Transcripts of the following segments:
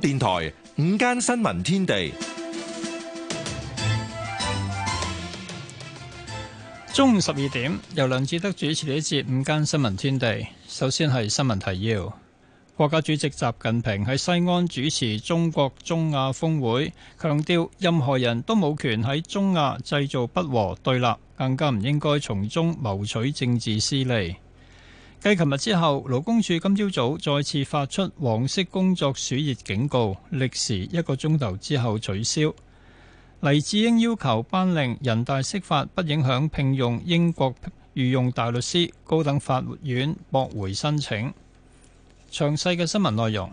電台午間新聞天地，中午十二點由梁志德主持呢一節午間新聞天地。首先係新聞提要：國家主席習近平喺西安主持中國中亞峰會，強調任何人都冇權喺中亞製造不和對立，更加唔應該從中謀取政治私利。繼琴日之後，勞工處今朝早，早再次發出黃色工作暑熱警告，歷時一個鐘頭之後取消。黎智英要求頒令人大釋法，不影響聘用英國御用大律師，高等法院駁回申請。詳細嘅新聞內容。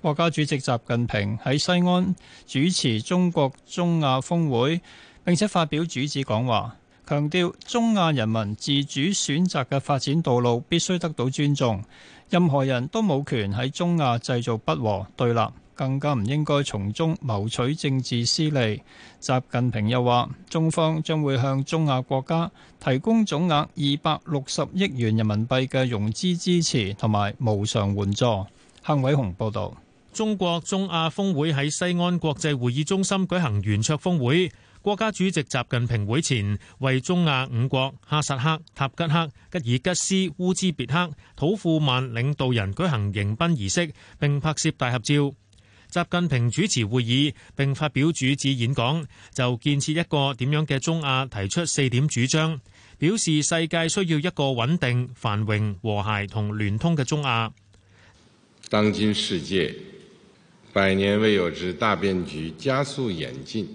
國家主席習近平喺西安主持中國中亞峰會，並且發表主旨講話。強調中亞人民自主選擇嘅發展道路必須得到尊重，任何人都冇權喺中亞製造不和對立，更加唔應該從中謀取政治私利。習近平又話，中方將會向中亞國家提供總額二百六十億元人民幣嘅融資支持同埋無償援助。幸偉雄報導，中國中亞峰會喺西安國際會議中心舉行圓桌峰會。國家主席習近平會前為中亞五國哈薩克、塔吉克、吉爾吉斯、烏茲別克、土庫曼領導人舉行迎賓儀式，並拍攝大合照。習近平主持會議並發表主旨演講，就建設一個點樣嘅中亞提出四點主張，表示世界需要一個穩定、繁榮、和諧同聯通嘅中亞。當今世界百年未有之大變局加速演進。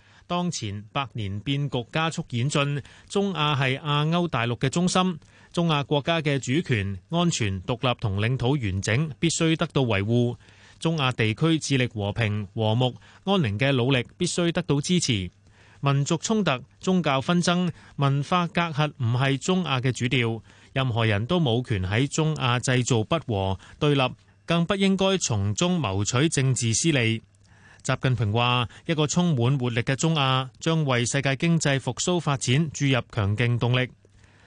當前百年變局加速演進，中亞係亞歐大陸嘅中心，中亞國家嘅主權、安全、獨立同領土完整必須得到維護。中亞地區致力和平、和睦、安寧嘅努力必須得到支持。民族衝突、宗教紛爭、文化隔閡唔係中亞嘅主調，任何人都冇權喺中亞製造不和對立，更不應該從中謀取政治私利。習近平話：一個充滿活力嘅中亞，將為世界經濟復蘇發展注入強勁動力。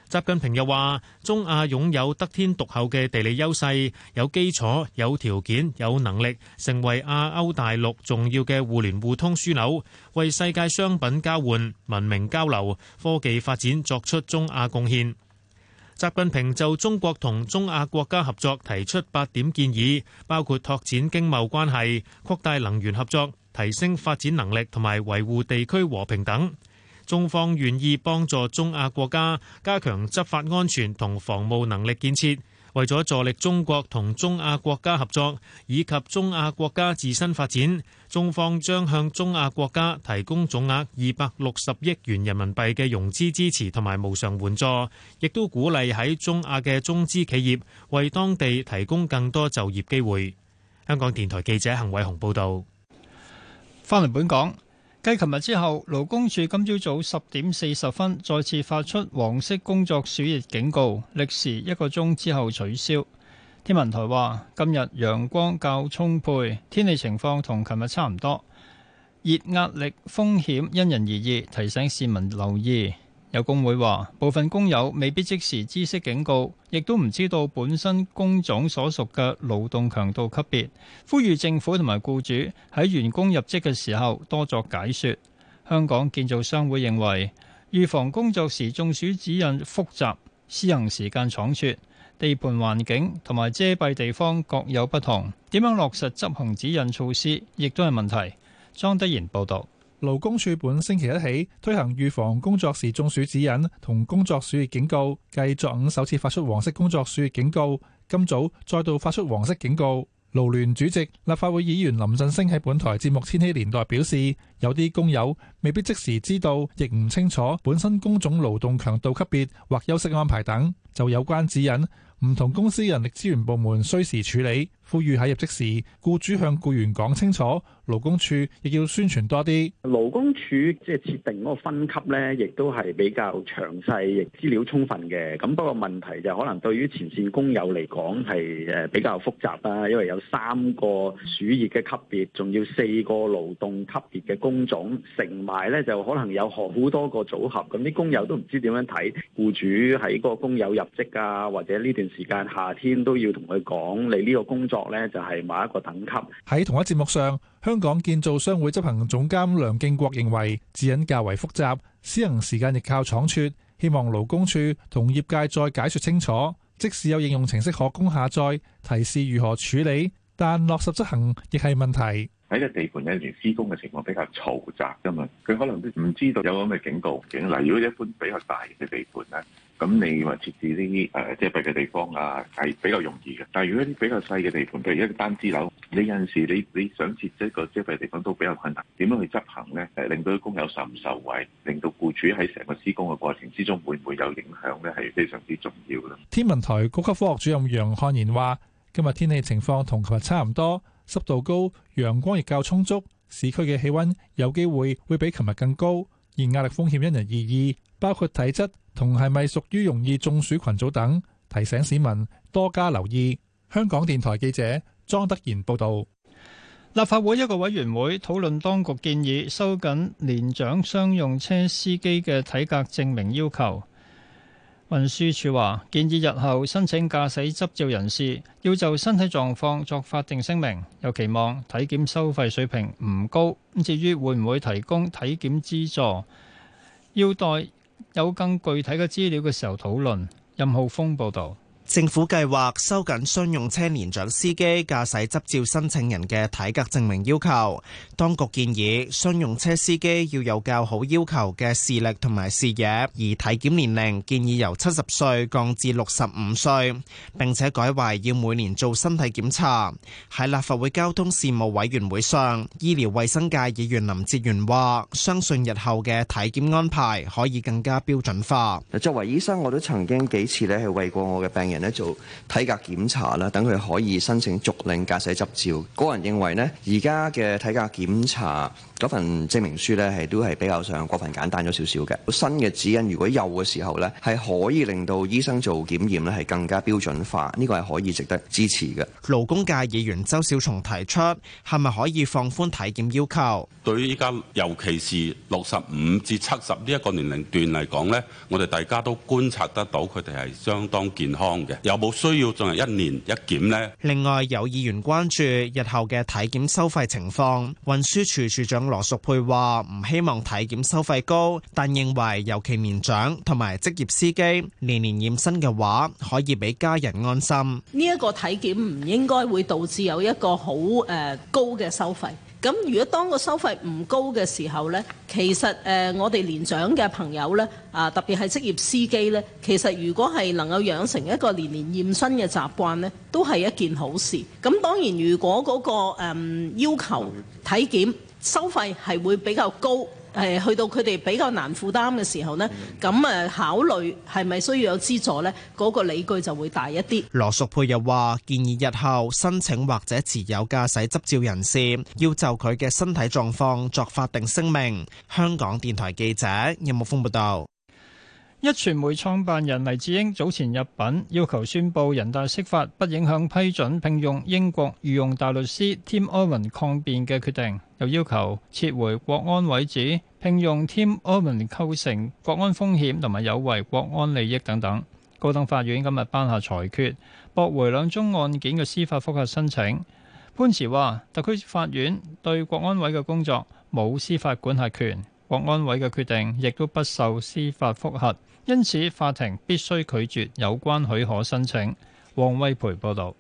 習近平又話：中亞擁有得天獨厚嘅地理優勢，有基礎、有條件、有能力，成為亞歐大陸重要嘅互聯互通樞紐，為世界商品交換、文明交流、科技發展作出中亞貢獻。習近平就中國同中亞國家合作提出八點建議，包括拓展經貿關係、擴大能源合作、提升發展能力同埋維護地區和平等。中方願意幫助中亞國家加強執法安全同防務能力建設，為咗助力中國同中亞國家合作以及中亞國家自身發展。中方將向中亞國家提供總額二百六十億元人民幣嘅融資支持同埋無償援助，亦都鼓勵喺中亞嘅中資企業為當地提供更多就業機會。香港電台記者陳偉雄報導。翻嚟本港，繼琴日之後，勞工處今朝早十點四十分再次發出黃色工作暑熱警告，歷時一個鐘之後取消。天文台話：今日陽光較充沛，天氣情況同琴日差唔多。熱壓力風險因人而異，提醒市民留意。有工會話：部分工友未必即時知識警告，亦都唔知道本身工種所屬嘅勞動強度級別。呼籲政府同埋雇主喺員工入職嘅時候多作解説。香港建造商會認為，預防工作時中暑指引複雜，施行時間倉促。地盤環境同埋遮蔽地方各有不同，點樣落實執行指引措施亦都係問題。莊德賢報導，勞工處本星期一起推行預防工作時中暑指引同工作暑熱警告，繼昨午首次發出黃色工作暑熱警告，今早再度發出黃色警告。勞聯主席、立法會議員林振升喺本台節目《千禧年代》表示，有啲工友未必即時知道，亦唔清楚本身工種、勞動強度級別或休息安排等，就有關指引，唔同公司人力資源部門需時處理。呼籲喺入職時，僱主向僱員講清楚。勞工處亦要宣傳多啲。勞工處即係設定嗰個分級呢，亦都係比較詳細，亦資料充分嘅。咁不過問題就可能對於前線工友嚟講係誒比較複雜啦，因為有三個暑熱嘅級別，仲要四個勞動級別嘅工種，成埋呢，就可能有好多個組合。咁啲工友都唔知點樣睇。僱主喺個工友入職啊，或者呢段時間夏天都要同佢講，你呢個工作。作呢就係某一個等級。喺同一節目上，香港建造商會執行總監梁敬國認為指引較為複雜，執行時間亦靠倉促，希望勞工處同業界再解説清楚。即使有應用程式可供下載，提示如何處理，但落實執行亦係問題。喺個地盤有時施工嘅情況比較嘈雜㗎嘛，佢可能都唔知道有咁嘅警告。例如果一般比較大嘅地盤咧。咁你話設置呢啲誒遮蔽嘅地方啊，係比較容易嘅。但係如果啲比較細嘅地盤，譬如一個單支樓，你有陣時你你想設置一個遮蔽嘅地方都比較困難。點樣去執行呢？誒，令到啲工友受唔受惠，令到僱主喺成個施工嘅過程之中會唔會有影響呢？係非常之重要嘅。天文台高級科學主任楊漢然話，今日天氣情況同琴日差唔多，濕度高，陽光亦較充足。市區嘅氣温有機會會比琴日更高，而壓力風險因人而異，包括體質，同係咪屬於容易中暑群組等，提醒市民多加留意。香港電台記者莊德賢報導。立法會一個委員會討論當局建議收緊年長商用車司機嘅體格證明要求。運輸署話建議日後申請駕駛執照人士要就身體狀況作法定聲明。又期望體檢收費水平唔高。至於會唔會提供體檢資助，要待有更具體嘅資料嘅時候討論，任浩峰報導。政府計劃收緊商用車年長司機駕駛執照申請人嘅體格證明要求。當局建議商用車司機要有較好要求嘅視力同埋視野，而體檢年齡建議由七十歲降至六十五歲，並且改為要每年做身體檢查。喺立法會交通事務委員會上，醫療衛生界議員林哲玄話：相信日後嘅體檢安排可以更加標準化。作為醫生，我都曾經幾次咧係為過我嘅病人。人咧做體格檢查啦，等佢可以申請續領駕駛執照。個人認為呢，而家嘅體格檢查，嗰份證明書呢，係都係比較上過分簡單咗少少嘅。新嘅指引如果有嘅時候呢，係可以令到醫生做檢驗呢係更加標準化，呢、這個係可以值得支持嘅。勞工界議員周小松提出，係咪可以放寬體檢要求？對於依家尤其是六十五至七十呢一個年齡段嚟講呢，我哋大家都觀察得到佢哋係相當健康嘅，有冇需要進行一年一檢呢？另外有議員關注日後嘅體檢收費情況，運輸署署長。羅淑佩話：唔希望體檢收費高，但認為尤其年長同埋職業司機年年驗身嘅話，可以俾家人安心。呢一個體檢唔應該會導致有一個好誒高嘅收費。咁如果當個收費唔高嘅時候呢，其實誒我哋年長嘅朋友呢啊，特別係職業司機呢，其實如果係能夠養成一個年年驗身嘅習慣呢，都係一件好事。咁當然，如果嗰個誒要求體檢。收費係會比較高，誒去到佢哋比較難負擔嘅時候咧，咁誒考慮係咪需要有資助咧？嗰個理據就會大一啲。羅淑佩又話：建議日後申請或者持有駕駛執照人士，要就佢嘅身體狀況作法定聲明。香港電台記者任木風報道。一傳媒創辦人黎智英早前入稟，要求宣布人大釋法不影響批准聘用英國御用大律師 Tim Owen 抗辯嘅決定，又要求撤回國安委指聘用 Tim Owen 構成國安風險同埋有違國安利益等等。高等法院今日頒下裁決，駁回兩宗案件嘅司法覆核申請。判詞話，特區法院對國安委嘅工作冇司法管轄權，國安委嘅決定亦都不受司法覆核。因此，法庭必須拒絕有關許可申請，王威培報道。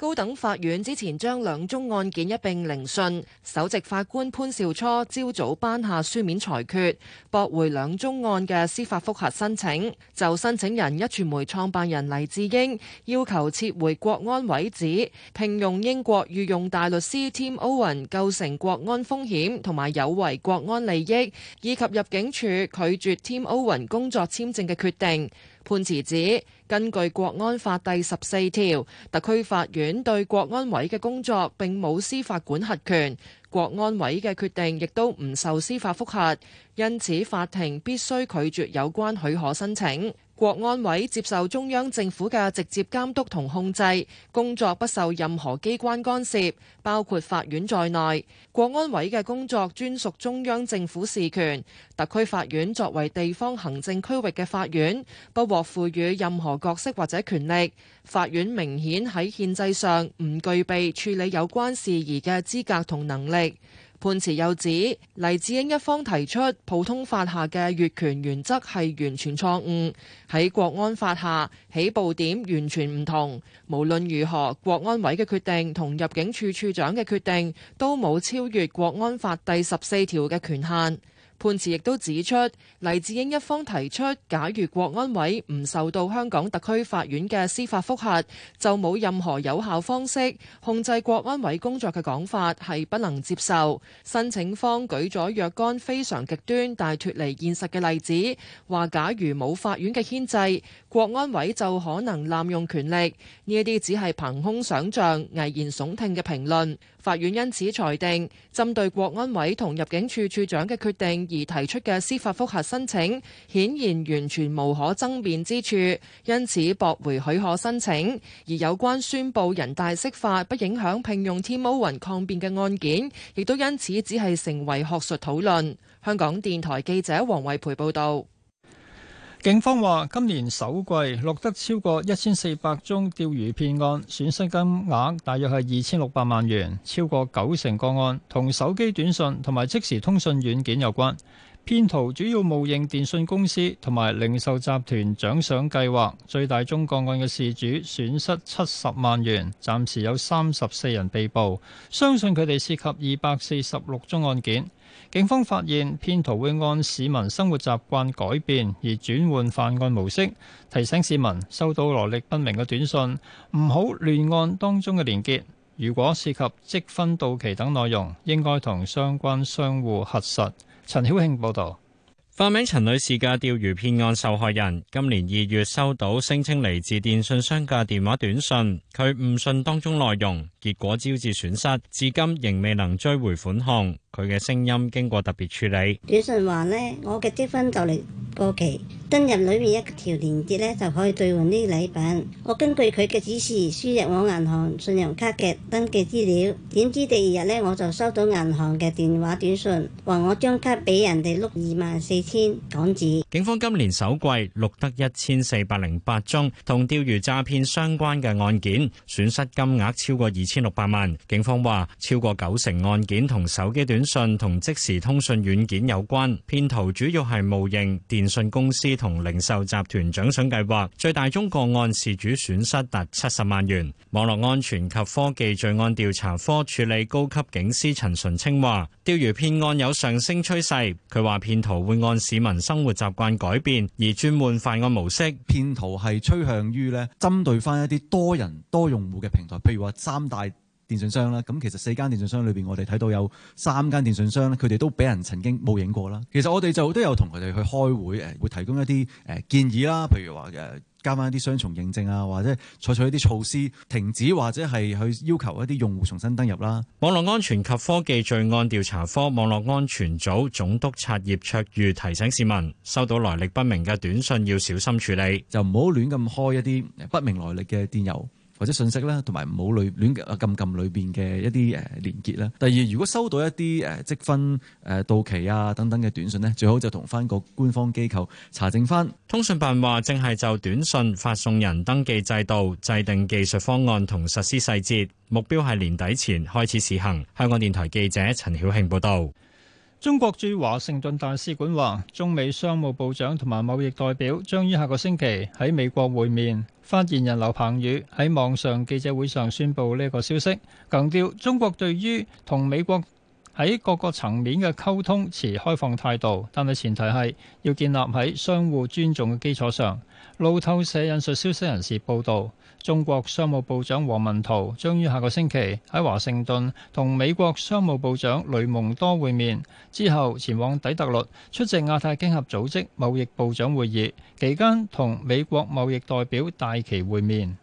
高等法院之前將兩宗案件一併聆訊，首席法官潘兆初朝早頒下書面裁決，駁回兩宗案嘅司法覆核申請，就申請人一傳媒創辦人黎智英要求撤回國安委指，聘用英國御用大律師 Tim Owen 構成國安風險同埋有違國安利益，以及入境處拒絕 Tim Owen 工作簽證嘅決定，判詞指，根據《國安法》第十四條，特區法院對國安委嘅工作並冇司法管轄權，國安委嘅決定亦都唔受司法覆核，因此法庭必須拒絕有關許可申請。國安委接受中央政府嘅直接監督同控制，工作不受任何機關干涉，包括法院在內。國安委嘅工作專屬中央政府事權，特區法院作為地方行政區域嘅法院，不獲賦予任何角色或者權力。法院明顯喺憲制上唔具備處理有關事宜嘅資格同能力。判詞又指黎智英一方提出普通法下嘅越權原則係完全錯誤，喺國安法下起步點完全唔同。無論如何，國安委嘅決定同入境處處長嘅決定都冇超越國安法第十四條嘅權限。判詞亦都指出，黎智英一方提出，假如國安委唔受到香港特區法院嘅司法覆核，就冇任何有效方式控制國安委工作嘅講法係不能接受。申請方舉咗若干非常極端但脫離現實嘅例子，話假如冇法院嘅牽制。國安委就可能濫用權力，呢一啲只係憑空想像、危言聳聽嘅評論。法院因此裁定，針對國安委同入境處處長嘅決定而提出嘅司法覆核申請，顯然完全無可爭辯之處，因此駁回許可申請。而有關宣布人大釋法不影響聘用 Tim Owen 抗辯嘅案件，亦都因此只係成為學術討論。香港電台記者黃惠培報導。警方話，今年首季錄得超過一千四百宗釣魚騙案，損失金額大約係二千六百萬元，超過九成個案同手機短信同埋即時通訊軟件有關。騙徒主要冒認電訊公司同埋零售集團獎賞計劃，最大宗個案嘅事主損失七十萬元，暫時有三十四人被捕，相信佢哋涉及二百四十六宗案件。警方發現騙徒會按市民生活習慣改變而轉換犯案模式，提醒市民收到來歷不明嘅短信唔好亂按當中嘅連結。如果涉及積分到期等內容，應該同相關商戶核實。陳曉慶報道：化名陳女士嘅釣魚騙案受害人，今年二月收到聲稱嚟自電信商嘅電話短信，佢誤信當中內容，結果招致損失，至今仍未能追回款項。佢嘅聲音經過特別處理。短信話呢，我嘅積分就嚟過期，登入裏面一條鏈接呢，就可以兌換啲禮品。我根據佢嘅指示輸入我銀行信用卡嘅登記資料，點知第二日呢，我就收到銀行嘅電話短信，話我張卡俾人哋碌二萬四千港紙。警方今年首季錄得一千四百零八宗同釣魚詐騙相關嘅案件，損失金額超過二千六百萬。警方話超過九成案件同手機短。信同即時通訊軟件有關，騙徒主要係冒認電信公司同零售集團獎賞計劃，最大宗個案事主損失達七十萬元。網絡安全及科技罪案調查科處理高級警司陳純清話，釣魚騙案有上升趨勢。佢話騙徒會按市民生活習慣改變而專門犯案模式，騙徒係趨向於咧針對翻一啲多人多用戶嘅平台，譬如話三大。電信商啦，咁其實四間電信商裏邊，我哋睇到有三間電信商咧，佢哋都俾人曾經冒認過啦。其實我哋就都有同佢哋去開會，誒會提供一啲誒建議啦，譬如話誒加翻一啲雙重認證啊，或者採取一啲措施停止或者係去要求一啲用戶重新登入啦。網絡安全及科技罪案調查科網絡安全組總督察葉卓裕提醒市民，收到來歷不明嘅短信要小心處理，就唔好亂咁開一啲不明來歷嘅電郵。或者信息啦，同埋唔好亂亂撳撳裏邊嘅一啲誒連結啦。第二，如果收到一啲誒積分誒、呃、到期啊等等嘅短信呢，最好就同翻個官方機構查證翻。通訊辦話正係就短信發送人登記制度制定技術方案同實施細節，目標係年底前開始試行。香港電台記者陳曉慶報道。中國駐華盛頓大使館話，中美商務部長同埋貿易代表將於下個星期喺美國會面。發言人劉鵬宇喺網上記者會上宣布呢個消息，強調中國對於同美國喺各個層面嘅溝通持開放態度，但係前提係要建立喺相互尊重嘅基礎上。路透社引述消息人士報道。中國商務部長王文濤將於下個星期喺華盛頓同美國商務部長雷蒙多會面，之後前往底特律出席亞太經合組織貿易部長會議，期間同美國貿易代表戴琪會面。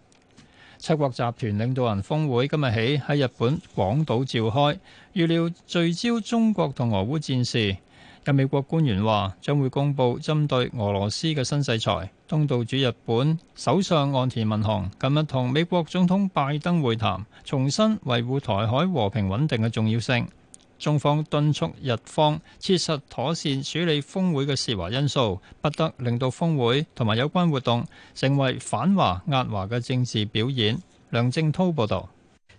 七國集團領導人峰會今日起喺日本廣島召開，預料聚焦中國同俄烏戰事。有美國官員話將會公布針對俄羅斯嘅新制裁。東道主日本首相岸田文雄近日同美國總統拜登會談，重新維護台海和平穩定嘅重要性。中方敦促日方切實妥善處理峰會嘅涉華因素，不得令到峰會同埋有關活動成為反華壓華嘅政治表演。梁正濤報道。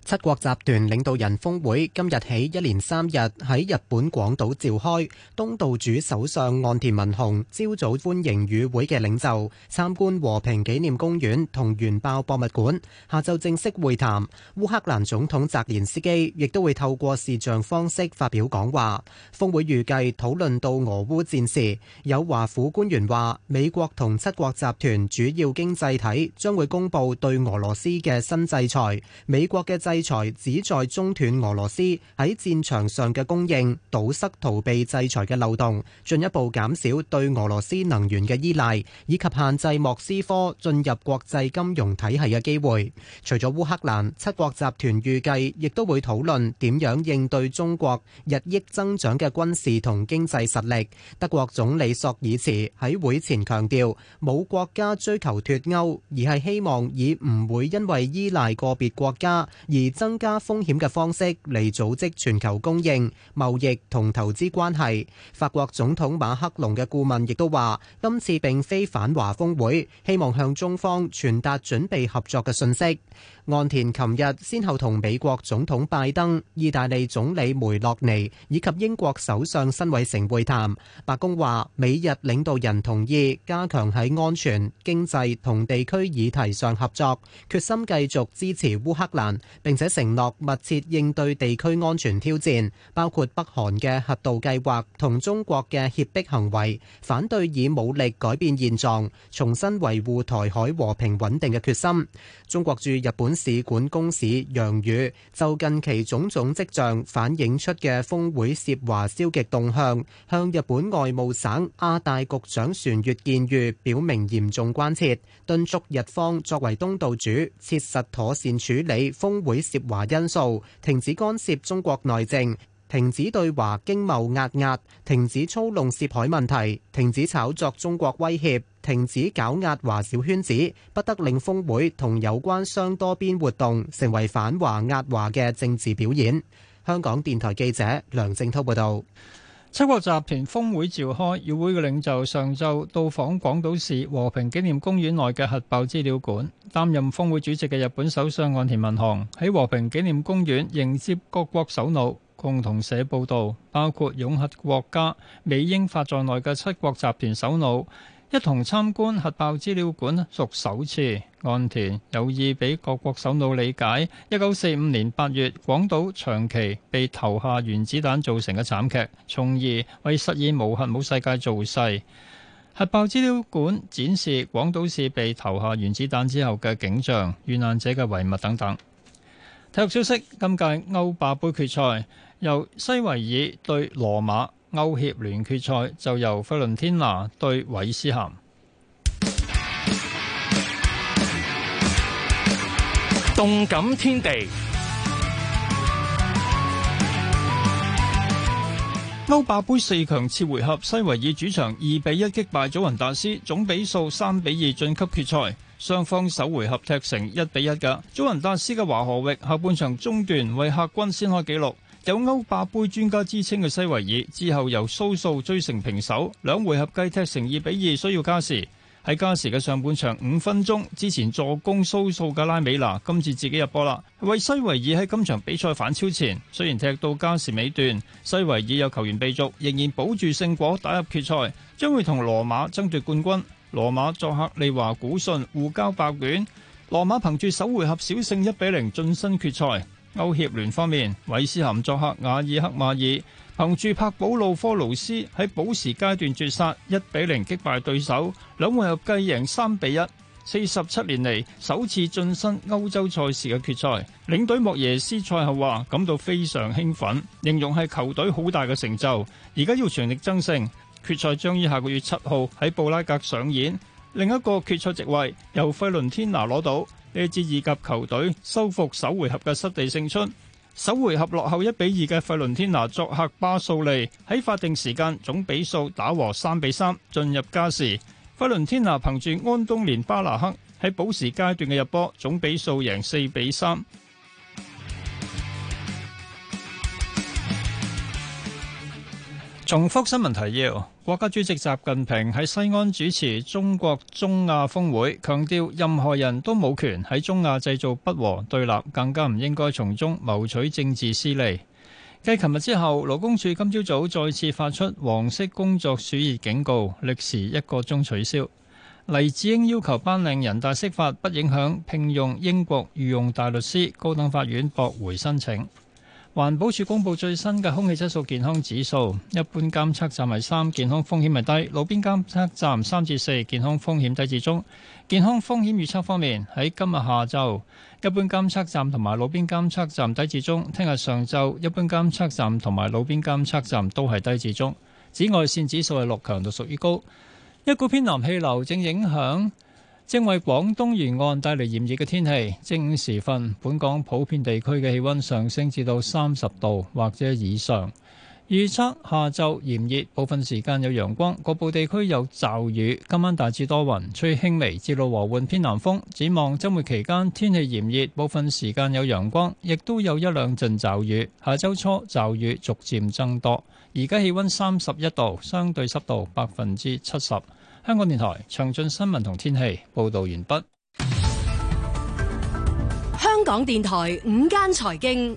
七國集團領導人峰會今日起一連三日喺日本廣島召開，東道主首相岸田文雄朝早歡迎與會嘅領袖，參觀和平紀念公園同原爆博物館，下晝正式會談。烏克蘭總統澤連斯基亦都會透過視像方式發表講話。峰會預計討論到俄烏戰事，有華府官員話，美國同七國集團主要經濟體將會公布對俄羅斯嘅新制裁。美國嘅制制裁旨在中斷俄羅斯喺戰場上嘅供應，堵塞逃避制裁嘅漏洞，進一步減少對俄羅斯能源嘅依賴，以及限制莫斯科進入國際金融體系嘅機會。除咗烏克蘭，七國集團預計亦都會討論點樣應對中國日益增長嘅軍事同經濟實力。德國總理朔爾茨喺會前強調，冇國家追求脫歐，而係希望以唔會因為依賴個別國家而而增加風險嘅方式嚟組織全球供應、貿易同投資關係，法國總統馬克龍嘅顧問亦都話，今次並非反華峰會，希望向中方傳達準備合作嘅信息。岸田琴日先後同美國總統拜登、意大利總理梅洛尼以及英國首相辛偉誠會談。白宮話，美日領導人同意加強喺安全、經濟同地區議題上合作，決心繼續支持烏克蘭，並且承諾密切應對地區安全挑戰，包括北韓嘅核導計劃同中國嘅脅迫行為，反對以武力改變現狀，重新維護台海和平穩定嘅決心。中國駐日本使館公使楊宇就近期種種迹象反映出嘅峰會涉華消極動向，向日本外務省亞大局長船越健裕表明嚴重關切，敦促日方作為東道主，切實妥善處理峰會涉華因素，停止干涉中國內政。停止對華經貿壓壓，停止操弄涉海問題，停止炒作中國威脅，停止搞壓華小圈子，不得令峯會同有關雙多邊活動成為反華壓華嘅政治表演。香港電台記者梁正濤報道，七國集團峯會召開，與會嘅領袖上晝到訪廣島市和平紀念公園內嘅核爆資料館。擔任峯會主席嘅日本首相岸田文雄喺和平紀念公園迎接各國首腦。共同社報導，包括擁核國家美英法在內嘅七國集團首腦一同參觀核爆資料館，屬首次。岸田有意俾各國首腦理解，一九四五年八月廣島長期被投下原子彈造成嘅慘劇，從而為實現無核武世界造勢。核爆資料館展示廣島市被投下原子彈之後嘅景象、遇難者嘅遺物等等。體育消息：今屆歐霸杯決賽。由西維爾對羅馬，歐協聯決賽，就由佛倫天拿對韋斯咸。動感天地歐霸杯四強次回合，西維爾主場二比一擊敗祖雲達斯，總比數三比二晉級決賽。雙方首回合踢成一比一嘅。祖雲達斯嘅華河域下半場中段為客軍先開紀錄。有歐霸盃專家之稱嘅西維爾，之後由蘇素追成平手，兩回合計踢成二比二，需要加時。喺加時嘅上半場五分鐘之前助攻蘇素嘅拉美娜今次自己入波啦，為西維爾喺今場比賽反超前。雖然踢到加時尾段，西維爾有球員被逐，仍然保住勝果，打入決賽，將會同羅馬爭奪冠軍。羅馬作客利華古信互交白卷，羅馬憑住首回合小勝一比零晉身決賽。歐協聯方面，韋斯咸作客瓦爾克馬爾，憑住柏保路科勞斯喺補時階段絕殺一比零擊敗對手，兩回合計贏三比一，四十七年嚟首次晉身歐洲賽事嘅決賽。領隊莫耶斯賽後話：感到非常興奮，形容係球隊好大嘅成就，而家要全力爭勝。決賽將於下個月七號喺布拉格上演。另一個決賽席位由費倫天拿攞到。A 至二及球隊收復首回合嘅失地勝出，首回合落後一比二嘅費倫天拿作客巴素利喺法定時間總比數打和三比三，進入加時。費倫天拿憑住安東連巴拿克喺保時階段嘅入波，總比數贏四比三。重複新聞提要：國家主席習近平喺西安主持中國中亞峰會，強調任何人都冇權喺中亞製造不和對立，更加唔應該從中謀取政治私利。繼琴日之後，勞工處今朝早，早再次發出黃色工作暑熱警告，歷時一個鐘取消。黎智英要求頒令人大釋法，不影響聘用英國御用大律師，高等法院駁回申請。環保署公布最新嘅空氣質素健康指數，一般監測站係三，健康風險係低；路邊監測站三至四，健康風險低至中。健康風險預測方面，喺今日下晝，一般監測站同埋路邊監測站低至中；聽日上晝，一般監測站同埋路邊監測站都係低至中。紫外線指數係六，強度屬於高。一股偏南氣流正影響，正為廣東沿岸帶嚟炎熱嘅天氣。正午時分，本港普遍地區嘅氣温上升至到三十度或者以上。預測下晝炎熱，部分時間有陽光，局部地區有驟雨。今晚大致多雲，吹輕微至到和緩偏南風。展望周末期間，天氣炎熱，部分時間有陽光，亦都有一兩陣驟雨。下週初驟雨逐漸增多。而家氣温三十一度，相對濕度百分之七十。香港電台詳盡新聞同天氣報道完畢。香港電台午間財經，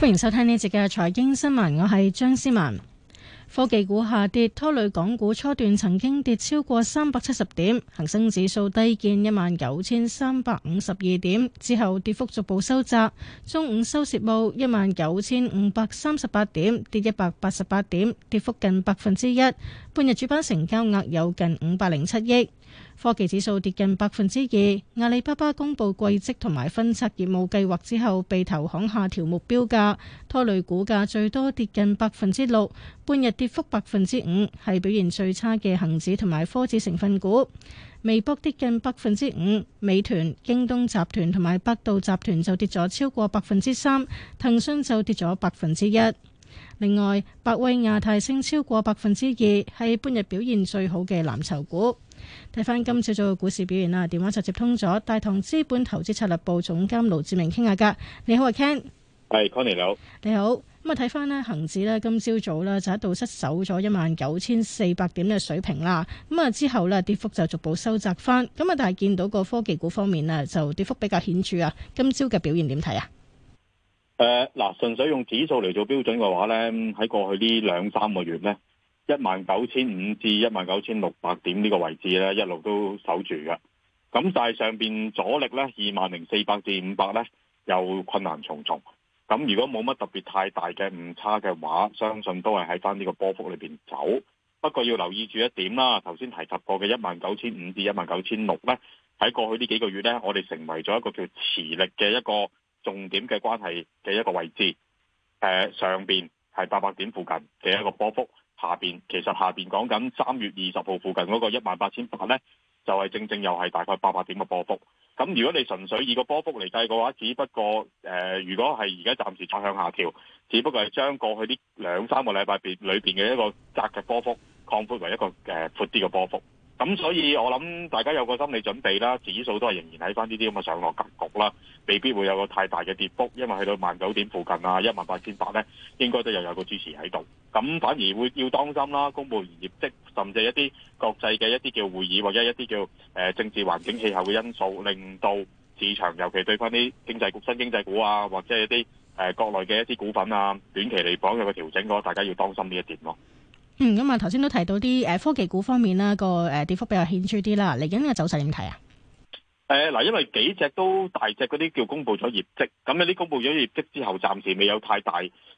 歡迎收聽呢節嘅財經新聞，我係張思文。科技股下跌拖累港股，初段曾經跌超過三百七十點，恒生指數低見一萬九千三百五十二點，之後跌幅逐步收窄。中午收市報一萬九千五百三十八點，跌一百八十八點，跌幅近百分之一。半日主板成交額有近五百零七億。科技指數跌近百分之二，阿里巴巴公布季績同埋分拆業務計劃之後，被投行下調目標價，拖累股價最多跌近百分之六，半日跌幅百分之五，係表現最差嘅恒指同埋科指成分股。微博跌近百分之五，美團、京東集團同埋百度集團就跌咗超過百分之三，騰訊就跌咗百分之一。另外，百威亞太升超過百分之二，係半日表現最好嘅藍籌股。睇翻今朝早嘅股市表現啦，電話就接通咗大同資本投資策略部總監盧志明傾下㗎。你好啊 Ken，係 Connie 你好，你好。咁啊睇翻呢恒指呢，今朝早呢就喺度失守咗一萬九千四百點嘅水平啦。咁啊之後呢，跌幅就逐步收窄翻。咁啊但係見到個科技股方面呢，就跌幅比較顯著啊。今朝嘅表現點睇啊？誒嗱，純粹用指數嚟做標準嘅話呢，喺過去呢兩三個月呢。一萬九千五至一萬九千六百點呢個位置咧，一路都守住嘅。咁但係上邊阻力呢，二萬零四百至五百呢，又困難重重。咁如果冇乜特別太大嘅誤差嘅話，相信都係喺返呢個波幅裏邊走。不過要留意住一點啦，頭先提及過嘅一萬九千五至一萬九千六呢，喺過去呢幾個月呢，我哋成為咗一個叫磁力嘅一個重點嘅關係嘅一個位置。誒、呃、上邊係八百點附近嘅一個波幅。下邊其實下邊講緊三月二十號附近嗰個一萬八千八呢，就係、是、正正又係大概八百點嘅波幅。咁如果你純粹以個波幅嚟計嘅話，只不過誒、呃，如果係而家暫時再向下調，只不過係將過去啲兩三個禮拜別裏邊嘅一個窄嘅波幅擴闊為一個誒闊啲嘅波幅。咁所以，我諗大家有個心理準備啦，指數都係仍然喺翻呢啲咁嘅上落格局啦，未必會有個太大嘅跌幅，因為去到萬九點附近啊，一萬八千八咧，應該都又有個支持喺度。咁反而會要當心啦，公布完業績，甚至一啲國際嘅一啲叫會議，或者一啲叫誒政治環境氣候嘅因素，令到市場尤其對翻啲經濟股、新經濟股啊，或者一啲誒國內嘅一啲股份啊，短期嚟講有個調整嘅話，大家要當心呢一點咯。嗯，咁啊，頭先都提到啲誒科技股方面啦，個誒跌幅比較顯著啲啦。嚟緊嘅走勢點睇啊？誒，嗱，因為幾隻都大隻嗰啲叫公佈咗業績，咁咧啲公佈咗業績之後，暫時未有太大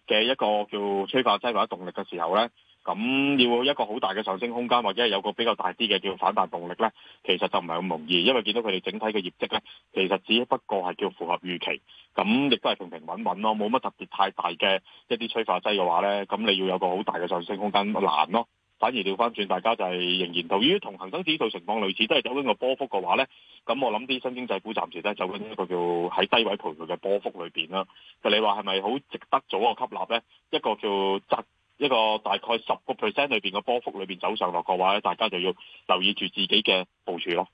嘅一個叫催化劑或者動力嘅時候咧。咁要一個好大嘅上升空間，或者係有個比較大啲嘅叫反彈動力呢，其實就唔係咁容易，因為見到佢哋整體嘅業績呢，其實只不過係叫符合預期，咁亦都係平平穩穩咯，冇乜特別太大嘅一啲催化劑嘅話呢。咁你要有個好大嘅上升空間難咯。反而調翻轉，大家就係仍然就於同恆生指數情況類似，都係走緊個波幅嘅話呢。咁我諗啲新經濟股暫時咧走緊一個叫喺低位徘徊嘅波幅裏邊啦。就你話係咪好值得早個吸納呢？一個叫質。呢個大概十個 percent 裏邊嘅波幅裏邊走上落嘅話咧，大家就要留意住自己嘅部署咯。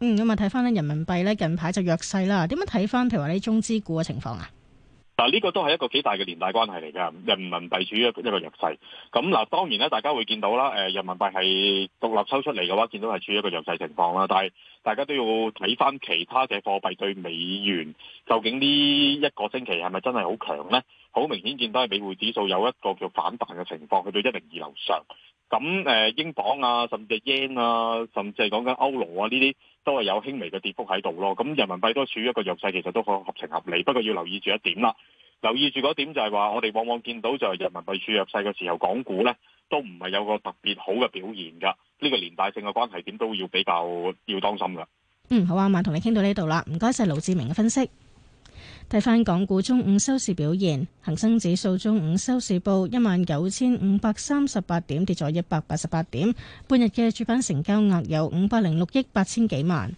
嗯，咁啊，睇翻咧人民幣咧近排就弱勢啦。點樣睇翻？譬如話啲中資股嘅情況啊。嗱，呢個都係一個幾大嘅連帶關係嚟㗎。人民幣處於一一個弱勢。咁、啊、嗱，當然咧，大家會見到啦。誒、呃，人民幣係獨立抽出嚟嘅話，見到係處於一個弱勢情況啦。但係大家都要睇翻其他嘅貨幣對美元，究竟呢一個星期係咪真係好強咧？好明顯見到係美匯指數有一個叫反彈嘅情況，去到一零二樓上。咁誒、呃，英鎊啊，甚至係 yen 啊，甚至係講緊歐羅啊，呢啲都係有輕微嘅跌幅喺度咯。咁人民幣都處於一個弱勢，其實都好合情合理。不過要留意住一點啦，留意住嗰點就係話，我哋往往見到就係人民幣處於弱勢嘅時候，港股咧都唔係有個特別好嘅表現㗎。呢、這個連帶性嘅關係點都要比較要當心㗎。嗯，好啊，晚同你傾到呢度啦，唔該晒，盧志明嘅分析。睇返港股中午收市表現，恒生指數中午收市報一萬九千五百三十八點，跌咗一百八十八點。半日嘅主板成交額有五百零六億八千幾萬。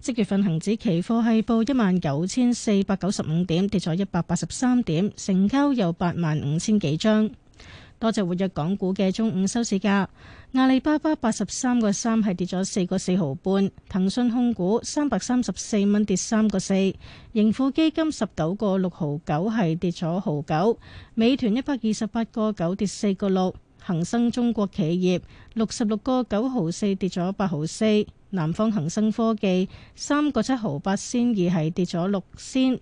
即月份恒指期貨係報一萬九千四百九十五點，跌咗一百八十三點，成交有八萬五千幾張。多隻活躍港股嘅中午收市價，阿里巴巴八十三個三係跌咗四個四毫半，騰訊控股三百三十四蚊跌三個四，盈富基金十九個六毫九係跌咗毫九，美團一百二十八個九跌四個六，恒生中國企業六十六個九毫四跌咗八毫四，南方恒生科技三個七毫八仙二係跌咗六仙。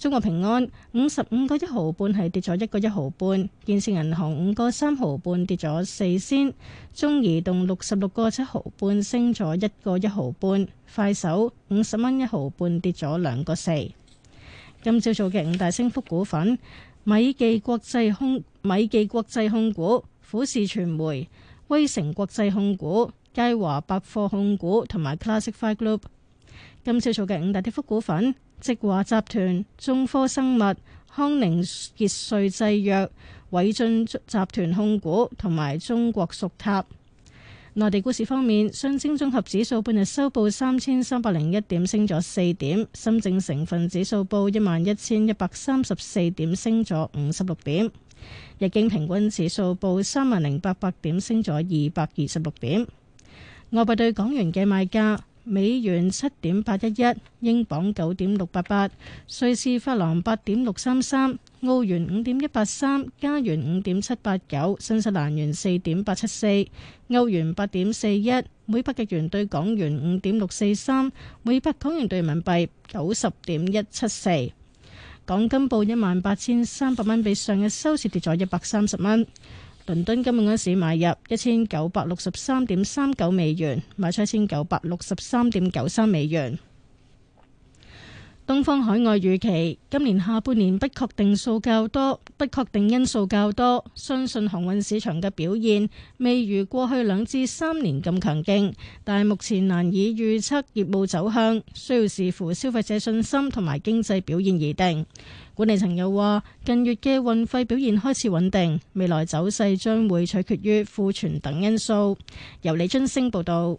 中國平安五十五個一毫半係跌咗一個一毫半，建設銀行五個三毫半跌咗四仙，中移動六十六個七毫半升咗一個一毫半，快手五十蚊一毫半跌咗兩個四。今朝早嘅五大升幅股份：米記國際控、米記國際控股、虎視傳媒、威城國際控股、佳華百貨控股同埋 Classic Five Group。今朝早嘅五大跌幅股份。直華集團、中科生物、康寧傑瑞製藥、偉俊集團控股同埋中國屬塔。內地股市方面，上證綜合指數半日收報三千三百零一點，升咗四點；深證成分指數報一萬一千一百三十四點，升咗五十六點；日經平均指數報三萬零八百點，升咗二百二十六點。外幣對港元嘅賣價。美元七點八一一，英鎊九點六八八，瑞士法郎八點六三三，澳元五點一八三，加元五點七八九，新西蘭元四點八七四，歐元八點四一，每百日元對港元五點六四三，每百港元對人民幣九十點一七四。港金報一萬八千三百蚊，比上日收市跌咗一百三十蚊。倫敦金即市買入一千九百六十三點三九美元，賣出一千九百六十三點九三美元。東方海外預期今年下半年不確定數較多，不確定因素較多，相信航運市場嘅表現未如過去兩至三年咁強勁，但係目前難以預測業務走向，需要視乎消費者信心同埋經濟表現而定。管理層又話，近月嘅運費表現開始穩定，未來走勢將會取決於庫存等因素。由李津升報導。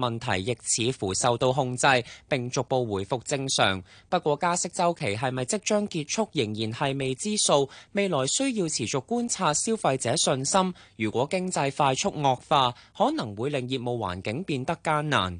問題亦似乎受到控制，並逐步回復正常。不過，加息週期係咪即將結束，仍然係未知數。未來需要持續觀察消費者信心，如果經濟快速惡化，可能會令業務環境變得艱難。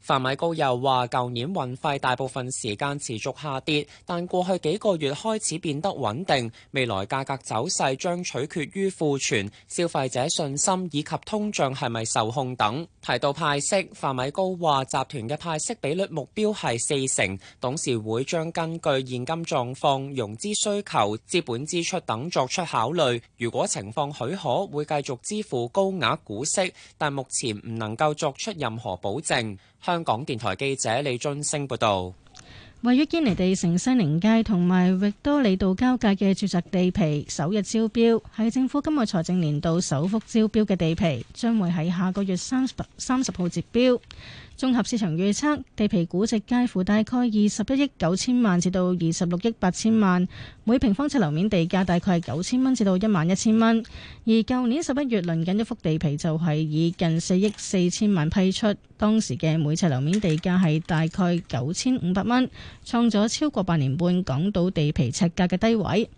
范米高又話舊年運費大部分時間持續下跌，但過去幾個月開始變得穩定。未來價格走勢將取決於庫存、消費者信心以及通脹係咪受控等。提到派息，范米高話集團嘅派息比率目標係四成，董事會將根據現金狀況、融資需求、資本支出等作出考慮，如果情況許可，會繼續支付高額股息，但目前唔能夠作出任何保證。香港電台記者李俊升報道。位於堅尼地城西寧街同埋域多利道交界嘅住宅地皮首日招標，係政府今個財政年度首幅招標嘅地皮，將會喺下個月三十三十號截標。綜合市場預測，地皮估值介乎大概二十一億九千萬至到二十六億八千萬，每平方尺樓面地價大概係九千蚊至到一萬一千蚊。而舊年十一月鄰近一幅地皮就係以近四億四千萬批出，當時嘅每尺樓面地價係大概九千五百蚊。創咗超過八年半港島地皮尺價嘅低位。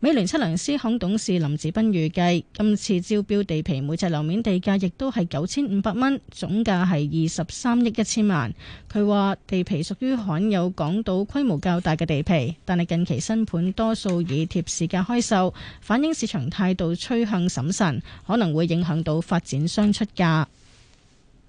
美聯測量師行董事林志斌預計，今次招標地皮每尺樓面地價亦都係九千五百蚊，總價係二十三億一千萬。佢話地皮屬於罕有港島規模較大嘅地皮，但係近期新盤多數以貼市價開售，反映市場態度趨向審慎，可能會影響到發展商出價。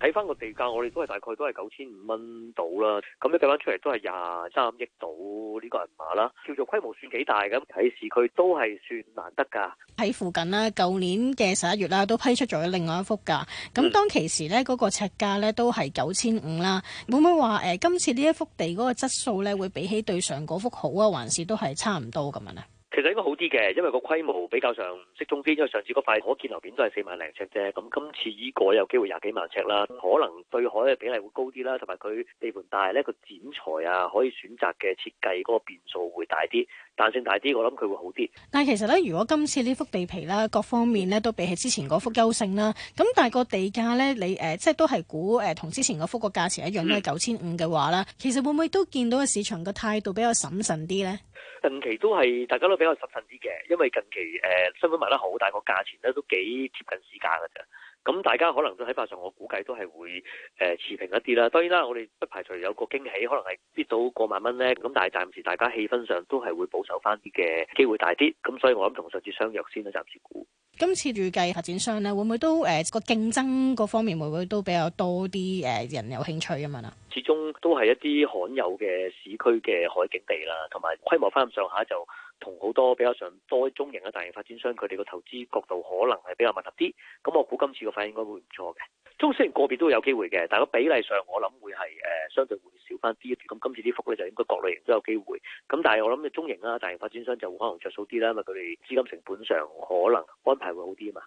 睇翻個地價，我哋都係大概都係九千五蚊到啦。咁一計翻出嚟都係廿三億到呢個銀碼啦，叫做規模算幾大嘅。睇市區都係算難得噶。喺附近咧，舊年嘅十一月啦，都批出咗另外一幅噶。咁當其時咧，嗰個尺價咧都係九千五啦。會唔會話誒，今次呢一幅地嗰個質素咧會比起對上嗰幅好啊，還是都係差唔多咁樣咧？其實應該好啲嘅，因為個規模比較上適中啲，因為上次嗰塊可見樓面都係四萬零尺啫，咁今次依個有機會廿幾萬尺啦，可能對海嘅比例會高啲啦，同埋佢地盤大呢個剪裁啊，可以選擇嘅設計嗰個變數會大啲。彈性大啲，我諗佢會好啲。但係其實咧，如果今次呢幅地皮啦，各方面咧都比起之前嗰幅優勝啦。咁但係個地價咧，你誒、呃，即係都係估誒，同之前嗰幅個價錢一樣都係九千五嘅話啦。嗯、其實會唔會都見到個市場個態度比較審慎啲咧？近期都係大家都比較審慎啲嘅，因為近期誒，新盤賣得好，但係個價錢咧都幾貼近市價噶咋。咁大家可能都睇法上，我估計都係會誒持平一啲啦。當然啦，我哋不排除有個驚喜，可能係跌到過萬蚊咧。咁但係暫時大家氣氛上都係會保守翻啲嘅，機會大啲。咁所以我諗同上次相約先啦，暫時估。今次預計發展商咧，會唔會都誒個、呃、競爭個方面會唔會都比較多啲誒、呃、人有興趣啊嘛？啦，始終都係一啲罕有嘅市區嘅海景地啦，同埋規模翻咁上下就。同好多比較上多中型嘅大型發展商，佢哋個投資角度可能係比較吻合啲，咁我估今次個反應應該會唔錯嘅。中雖然個別都有機會嘅，但係個比例上我諗會係誒、呃、相對會少翻啲。咁今次啲幅呢就應該各類型都有機會，咁但係我諗你中型啊大型發展商就會可能着數啲啦，因為佢哋資金成本上可能安排會好啲啊嘛。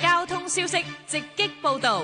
交通消息直擊報道，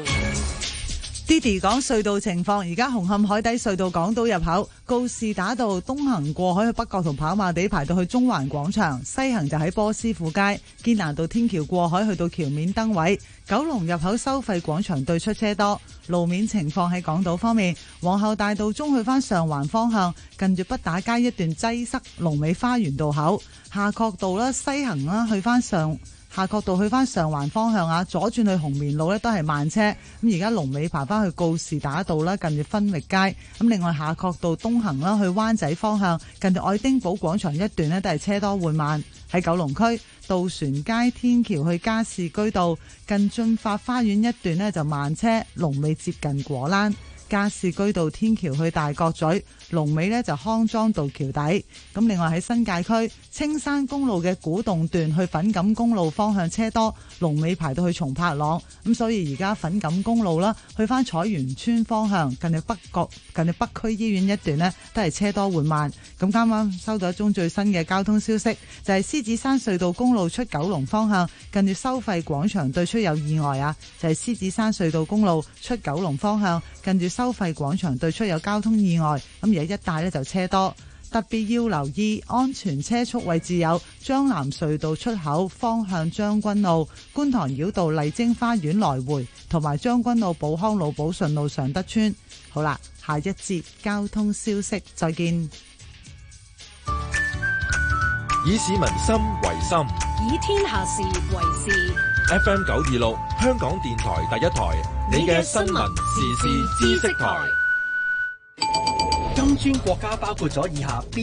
d i d y 講隧道情況，而家紅磡海底隧道港島入口告士打道東行過海去北角同跑馬地，排到去中環廣場；西行就喺波斯富街堅拿道天橋過海去到橋面燈位。九龍入口收費廣場對出車多，路面情況喺港島方面，皇后大道中去翻上環方向，近住畢打街一段擠塞，龍尾花園道口夏慤道啦，西行啦去翻上下角道去翻上環方向啊，左轉去紅棉路呢都係慢車。咁而家龍尾排翻去告士打道啦，近住分域街。咁另外下角道東行啦，去灣仔方向，近住愛丁堡廣場一段呢都係車多緩慢。喺九龍區渡船街天橋去加士居道，近駿發花園一段呢就慢車，龍尾接近果欄。加士居道天橋去大角咀，龍尾呢就康莊道橋底。咁另外喺新界區青山公路嘅古洞段去粉錦公路方向車多，龍尾排到去松柏塱。咁所以而家粉錦公路啦，去翻彩園村方向近住北角、近住北區醫院一段呢，都係車多緩慢。咁啱啱收到一宗最新嘅交通消息，就係、是、獅子山隧道公路出九龍方向近住收費廣場對出有意外啊！就係、是、獅子山隧道公路出九龍方向近住。就是收費廣場對出有交通意外，咁而一帶咧就車多，特別要留意安全車速位置，有張南隧道出口方向將軍澳、觀塘繞道麗晶花園來回同埋將軍澳寶康路、寶順路常德村。好啦，下一節交通消息，再見。以市民心為心，以天下事為事。FM 九二六，香港電台第一台，你嘅新聞時事知識台。金磚國家包括咗以下。